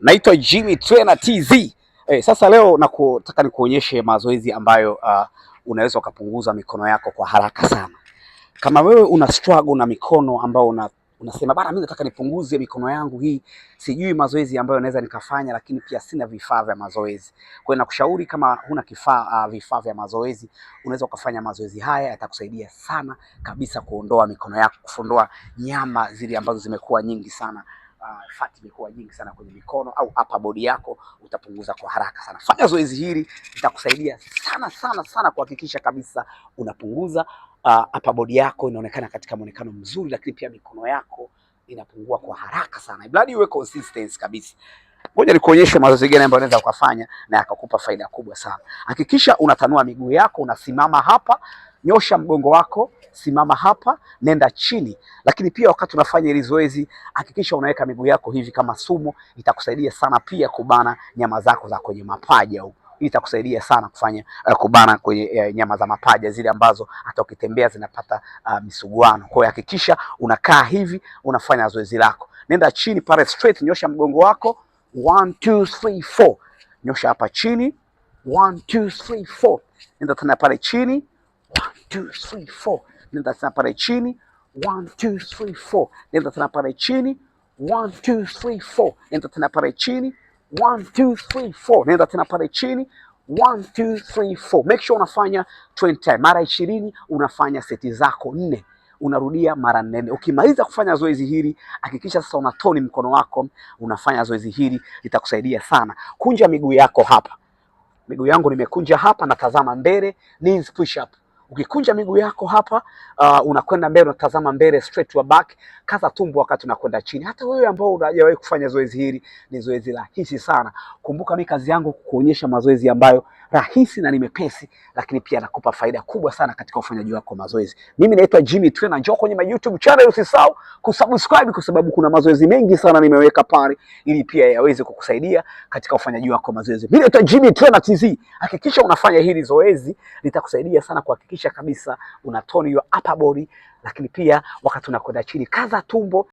Naitwa Jimmy Trainer TZ. Eh, sasa leo nataka nikuonyeshe mazoezi ambayo uh, unaweza ukapunguza mikono yako kwa haraka sana. Kama wewe una struggle na mikono ambayo una, unasema bana, mimi nataka nipunguze mikono yangu hii, sijui mazoezi ambayo naweza nikafanya, lakini pia sina vifaa vya mazoezi. Kwa hiyo nakushauri kama huna kifaa uh, vifaa vya mazoezi, unaweza ukafanya mazoezi haya, yatakusaidia sana kabisa kuondoa mikono yako, kufundua nyama zile ambazo zimekuwa nyingi sana uh, fat imekuwa nyingi sana kwenye mikono au upper body yako, utapunguza kwa haraka sana. Fanya zoezi hili, litakusaidia sana sana sana kuhakikisha kabisa unapunguza uh, upper body yako inaonekana katika muonekano mzuri, lakini pia mikono yako inapungua kwa haraka sana, ibradi iwe consistency kabisa. Ngoja nikuonyeshe mazoezi gani ambayo unaweza ukafanya na yakakupa faida kubwa sana. Hakikisha unatanua miguu yako, unasimama hapa nyosha mgongo wako, simama hapa, nenda chini. Lakini pia wakati unafanya hili zoezi, hakikisha unaweka miguu yako hivi kama sumo. Itakusaidia sana pia kubana nyama zako za kwenye mapaja huko itakusaidia sana kufanya uh, kubana kwenye uh, nyama za mapaja zile ambazo hata ukitembea zinapata uh, misuguano. Kwa hiyo hakikisha unakaa hivi unafanya zoezi lako, nenda chini pale straight, nyosha mgongo wako 1 2 3 4, nyosha hapa chini 1 2 3 4, nenda tena pale chini One, two, three, four. Nenda tena pale chini. One, two, three, four. Nenda tena pale chini. One, two, three, four. Nenda tena pale chini. One, two, three, four. Nenda tena pale chini. One, two, three, four. Make sure unafanya 20 time. Mara ishirini unafanya seti zako nne unarudia mara nne. Ukimaliza kufanya zoezi hili, hakikisha sasa unatoni mkono wako, unafanya zoezi hili, itakusaidia sana. Kunja miguu yako hapa. Miguu yangu nimekunja hapa, natazama mbele, knees push up. Ukikunja miguu yako hapa uh, unakwenda mbele, unatazama mbele straight to back, kaza tumbo wakati unakwenda chini. Hata wewe ambao unajawahi kufanya zoezi hili, ni zoezi rahisi sana. Kumbuka, mimi kazi yangu kuonyesha mazoezi ambayo rahisi na nimepesi, lakini pia nakupa faida kubwa sana katika ufanyaji wako wa mazoezi. Mimi naitwa Jimmy Trainer, njoo kwenye my YouTube channel, usisahau kusubscribe kwa sababu kuna mazoezi mengi sana nimeweka pale, ili pia yaweze kukusaidia katika ufanyaji wako wa mazoezi. Mimi naitwa Jimmy Trainer TZ, hakikisha unafanya hili zoezi, litakusaidia sana kuhakikisha kuhakikisha kabisa una tone your upper body, lakini pia wakati unakwenda chini kaza tumbo